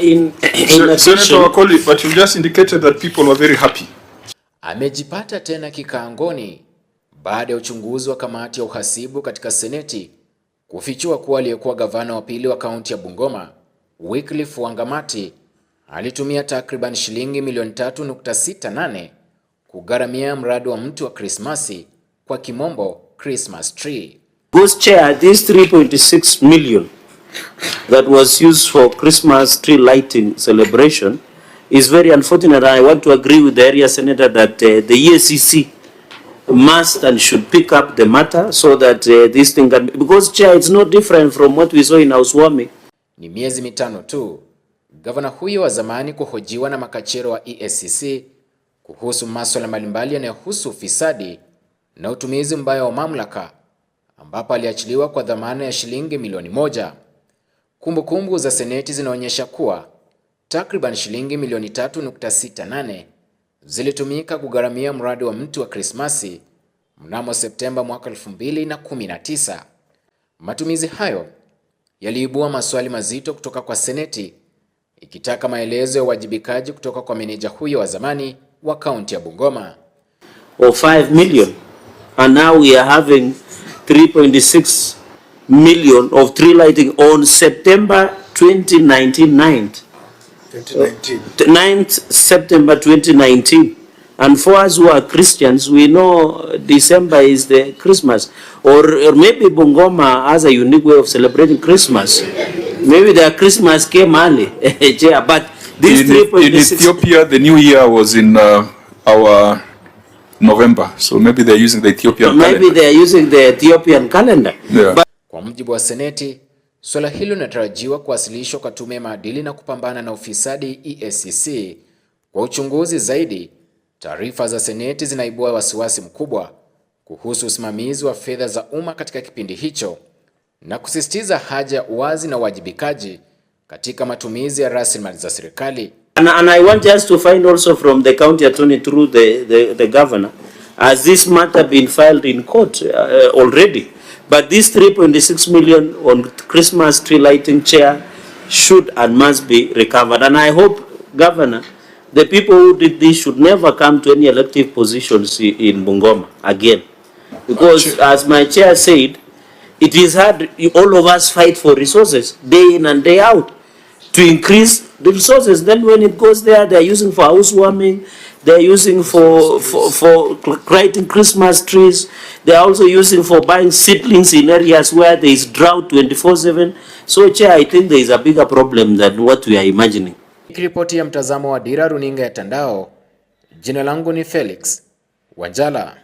in, in Senator Wakoli, but you just indicated that people were very happy. Amejipata tena kikaangoni baada ya uchunguzi wa kamati ya uhasibu katika Seneti kufichua kuwa aliyekuwa gavana wa pili wa kaunti ya Bungoma Wycliffe Wangamati alitumia takriban shilingi milioni 3.68 kugharamia mradi wa mti wa Krismasi kwa kimombo Christmas tree. Ghost chair, this 3.6 million that was used for Christmas tree lighting celebration is very unfortunate. I want to agree with the area senator that uh, the EACC must and should pick up the matter so that uh, this thing can because chair it's not different from what we saw in Auswami. Ni miezi mitano tu gavana huyo wa zamani kuhojiwa na makachero wa EACC kuhusu masuala mbalimbali yanayohusu ufisadi na utumizi mbaya wa mamlaka ambapo aliachiliwa kwa dhamana ya shilingi milioni moja. Kumbukumbu za seneti zinaonyesha kuwa takriban shilingi milioni 3.68 zilitumika kugharamia mradi wa mti wa Krismasi mnamo Septemba mwaka 2019. Matumizi hayo yaliibua maswali mazito kutoka kwa seneti ikitaka maelezo ya uwajibikaji kutoka kwa meneja huyo wa zamani wa kaunti ya Bungoma. Or 5 million and now we are having 3.6 million of tree lighting on September 2019. 9th, 2019. 9th September 2019. And for us who are Christians, we know December is the Christmas. Or, or maybe Bungoma has a unique way of celebrating Christmas. Maybe their Christmas came early. yeah, but these in, three in Ethiopia, the new year was in uh, our November. So maybe they're using the Ethiopian maybe calendar. Maybe they're using the Ethiopian calendar. Yeah. But mujibu wa Seneti, suala hilo linatarajiwa kuwasilishwa kwa tume ya maadili na kupambana na ufisadi EACC kwa uchunguzi zaidi. Taarifa za Seneti zinaibua wasiwasi mkubwa kuhusu usimamizi wa fedha za umma katika kipindi hicho na kusisitiza haja ya uwazi na uwajibikaji katika matumizi ya rasilimali za serikali. And, and I want just to find also from the county attorney through the, the, the governor has this matter been filed in court uh, uh already But this 3.6 million on Christmas tree lighting chair should and must be recovered. And I hope, Governor, the people who did this should never come to any elective positions in Bungoma again. Because as my chair said, it is hard, all of us fight for resources day in and day out to increase the resources. Then when it goes there, they're using for housewarming, They're using for, for, for creating Christmas trees. They're also using for buying seedlings in areas where there is drought 24/7. So, Chair, I think there is a bigger problem than what we are imagining. Ripoti ya mtazamo wa Dira Runinga ya Tandao. Jina langu ni Felix Wanjala.